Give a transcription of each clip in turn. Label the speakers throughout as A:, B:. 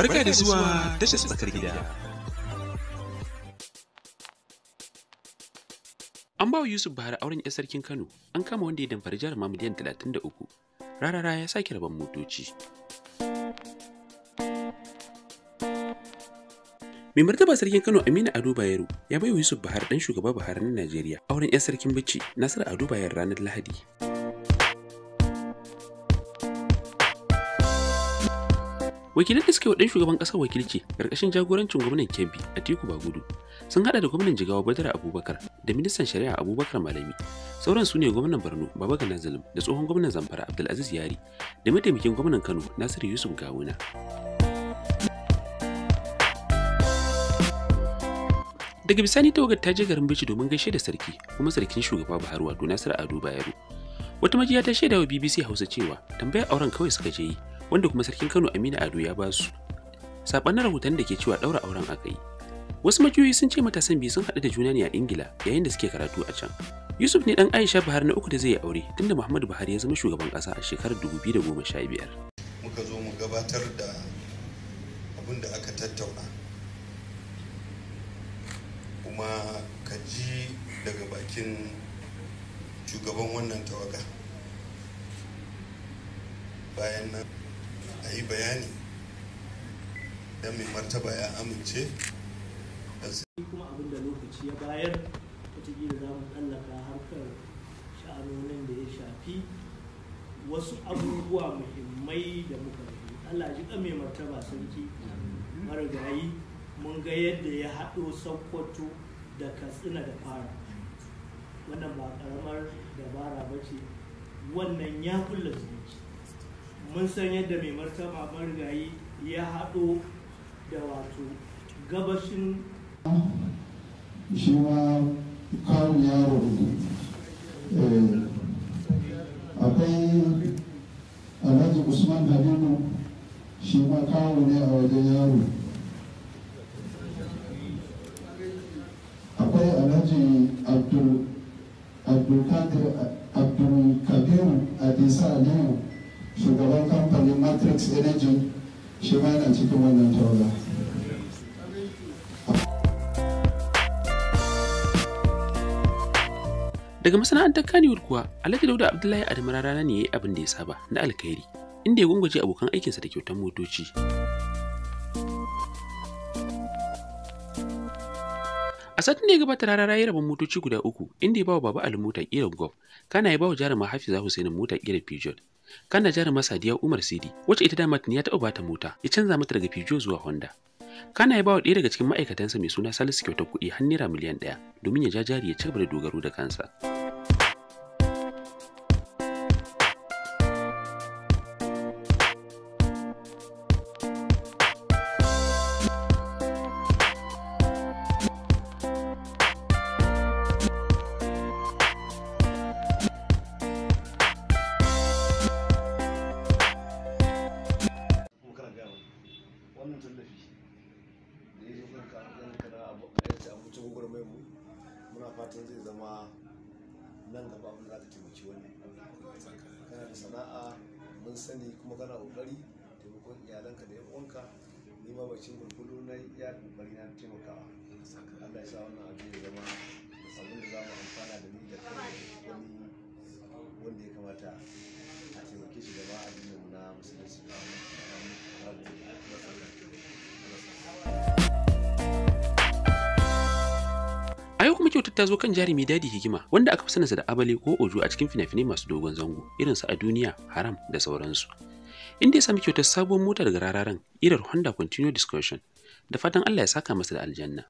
A: Barka da zuwa
B: tashar tsakar gida. An ba wa Yusuf Bahar auren 'yan sarkin Kano, an kama wanda ya damfari jihar da uku, Rarara ya sake rabon motoci. Mai martaba sarkin Kano Aminu Ado Bayero ya bai wa Yusuf Bahar dan shugaba Buhari na Najeriya auren 'yan sarkin bici Nasiru Ado Bayero ranar Lahadi. Wakilin da suke wa ɗan shugaban ƙasar wakilci ƙarƙashin jagorancin gwamnan kebbi atiku bagudu sun haɗa da gwamnan jigawa Badara abubakar da ministan shari'a abubakar malami sauran su ne gwamnan borno baba gana zulum da tsohon gwamnan zamfara abdulaziz yari da mataimakin gwamnan kano nasiru yusuf gawuna daga bisani ta tawagar ta je garin bici domin gaishe da sarki kuma sarkin shugaba buhari wato nasiru ado bayero wata majiya ta shaidawa bbc hausa cewa tambayar auren kawai suka je yi wanda kuma sarkin Kano Aminu Ado ya ba su. Sabanin rahoton da ke cewa ɗaura auren aka yi. Wasu majiyoyi sun ce matasan biyu sun haɗu da juna ne a Ingila yayin da suke karatu a can. Yusuf ne dan Aisha Buhari na uku da zai yi aure tunda Muhammadu Buhari ya zama shugaban ƙasa a shekarar 2015. Muka zo mu gabatar da abin da aka tattauna. Kuma ka ji daga bakin shugaban wannan tawaga. Bayan nan a bayani don mai martaba ya amince kuma abin da lokaci ya bayar watakila za mu tsallaka harkar sha'anonin da ya shafi wasu abubuwa muhimmai da muka rufe allah ji mai martaba sarki marigayi mun ga yadda ya haɗo sokoto da katsina da fara wannan ba ƙaramar dabara ba ce wannan ya kulla zumunci mun san yadda mai martaba marigayi ya haɗo da wato gabashin shi ma kawo yaro eh, akwai alhaji usman habibu shi ma kawo ne a wajen yaro akwai alhaji abdulkadir abdulkabiru a aliyu shugaban kamfanin matrix energy shi ma yana cikin wannan tawaga daga masana'antar kaniwood kuwa alhaji dauda abdullahi adamu rana ne ya yi abin da ya saba na alkhairi inda ya gungwaje abokan aikinsa da kyautar motoci a satin da ya gabata rarara ya rabon motoci guda uku inda ya bawa baba ali mota kirar gov kana ya ba wa jarumar hafiza husaini mota kirar pigeon kan da jarumar Sadiya Umar Sidi wacce ita dama ya taɓa bata mota ya canza mata daga Peugeot zuwa Honda. Kana ya bawa ɗaya daga cikin ma'aikatansa mai suna Salisu kyautar kuɗi har naira miliyan ɗaya domin ya ja jari ya cigaba da dogaro da kansa. fatan zai zama nan gaba abin da za ka taimaki wani kana da sana'a mun sani kuma kana kokari taimakon iyalanka da yawanka ni ma bacin gurgudu na iya kokari na taimakawa Allah ya sa wannan abu ya zama abin da za mu amfana da ni da kai wani wanda ya kamata a taimake shi gaba a da na musulunci ta zo kan jari mai dadi hikima wanda aka fi sanarsa da abale ko ojo a cikin finafinai masu dogon zango irin su a duniya haram da sauransu inda ya sami kyautar sabuwar mota daga rararen irar honda continuous discussion da fatan allah ya saka masa da aljanna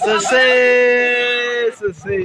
A: Sosai,
B: sosai.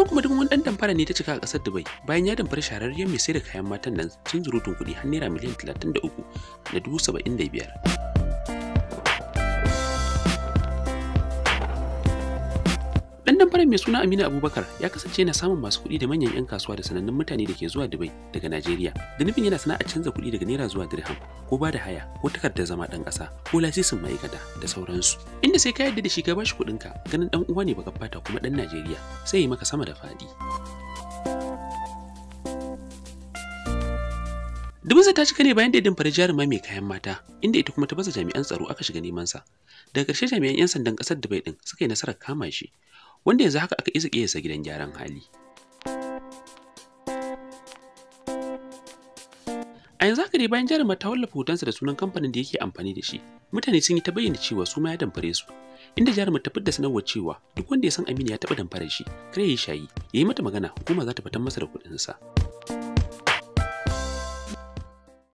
B: a kuma duk wani dan damfara ne ta cika a kasar dubai bayan ya damfara shahararren mai sayar da kayan matan nan sun zurutun kuɗi har naira miliyan 33 da dubu biyar. Dan damfarar mai suna Aminu Abubakar ya kasance yana samun masu kuɗi da manyan 'yan kasuwa da sanannun mutane da ke zuwa Dubai daga Najeriya. Da nufin yana sana'a canza kuɗi daga naira zuwa dirham ko ba da haya ko takardar zama ɗan ƙasa ko lasisin ma'aikata da sauransu. Inda sai ka yadda da shi ka bashi kuɗinka ganin ɗan uwa ne baka fata kuma ɗan Najeriya sai yi maka sama da faɗi. Dubinsa ta cika ne bayan da ya damfari jaruma mai kayan mata, inda ita kuma ta baza jami'an tsaro aka shiga neman Daga ƙarshe jami'an 'yan sandan ƙasar Dubai ɗin suka yi nasarar kama shi, wanda yanzu haka aka isa ƙesa gidan gyaran hali. A yanzu haka dai bayan jarumar ta wallafa hotonsa da sunan kamfanin da yake amfani da shi, mutane sun yi ta bayyana cewa su ma ya damfare su. Inda jarumar ta fidda sanarwar cewa duk wanda ya san Aminu ya taɓa damfarar shi, kar ya yi shayi, ya yi mata magana hukuma za ta fitar masa da kuɗinsa. sa.